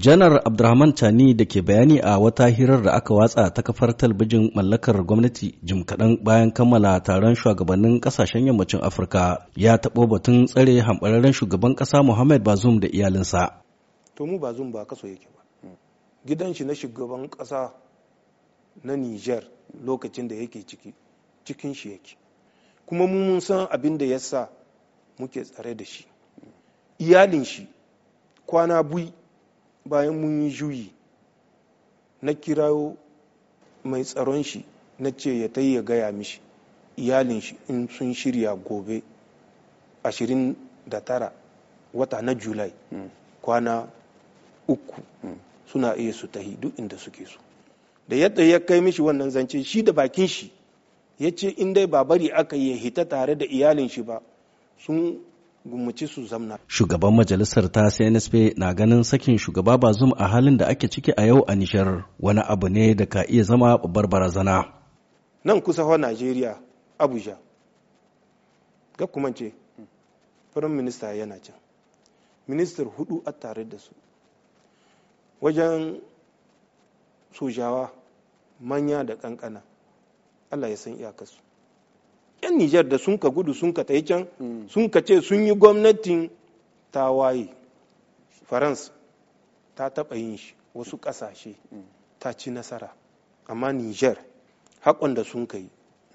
janar abdurrahman tani da ke bayani a wata hirar da aka watsa ta kafar talbijin mallakar gwamnati jim kaɗan bayan kammala taron shugabannin ƙasashen yammacin afirka ya taɓo batun tsare hambararren shugaban ƙasa muhammad bazum da iyalinsa to mu bazum ba kaso yake ba gidan shi na shugaban ƙasa na niger lokacin da yake ciki cikin shi yake kuma mu mun san abin da yasa muke tsare da shi iyalin shi kwana bui bayan mun yi juyi na kirawo mai tsaron shi na ce ya ta ya gaya mishi iyalin shi in sun shirya gobe 29 wata na julai mm. kwana uku mm. suna iya su tahi duk inda suke so da yadda ya kai mishi wannan zance shi da bakin shi ya ce in dai ba bari aka yi hita tare da iyalin shi ba sun gumuci su zamna. Shugaban majalisar ta CNSP na ganin sakin shugaba Bazum a halin da ake ciki a yau a Nishar wani abu ne da ka iya zama babbar barazana. Nan kusa wa Najeriya Abuja. Ga kuma ce, Firin Minista yana can. Ministar hudu a tare da su. Wajen sojawa manya da kankana. Allah ya san iyakarsu. 'yan nijar da sun ka gudu sun ka tai can sun ka ce sun yi gwamnatin tawaye faransa ta taɓa yin shi wasu kasashe ta ci nasara amma nijar haƙon da sun kai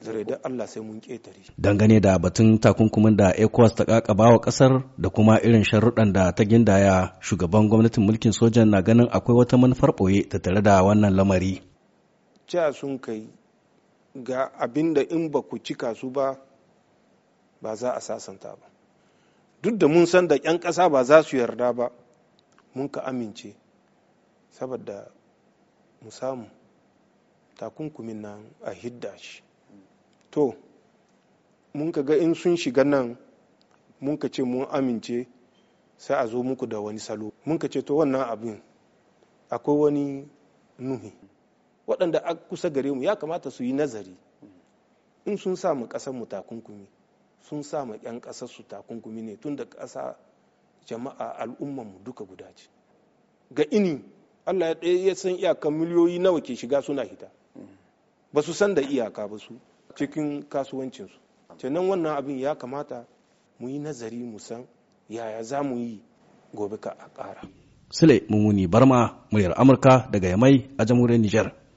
da Allah sai mun ƙetare. Dangane da batun takunkumin da ECOWAS ta ƙaƙaba wa ƙasar da kuma irin sharuɗan da ta gindaya shugaban gwamnatin mulkin sojan na ganin akwai wata manufar ɓoye ta tare da wannan lamari. Ca sun kai ga abinda in ba ku cika su ba ba za a sasanta ba duk da mun san da 'yan ƙasa ba za su yarda ba mun ka amince saboda mu samu takunkumin nan a hidda shi to mun ka ga in sun shiga nan mun ka ce mun amince sai a zo muku da wani salo mun ka ce to wannan abin akwai wani nuhi waɗanda a kusa gare mu ya kamata su yi nazari in sun sa mu ƙasar mu takunkumi sun sa ma ƴan ƙasar su takunkumi ne tun da ƙasa jama'a al'ummar mu duka guda ce ga ini Allah ya san iyakan miliyoyi nawa ke shiga suna hita ba su san da iyaka ba su cikin kasuwancinsu kenan wannan abin ya kamata mu yi nazari mu san yaya za mu yi gobe ka a ƙara. Sule mummuni Barma, muryar Amurka daga Yamai a jamhuriyar Nijar.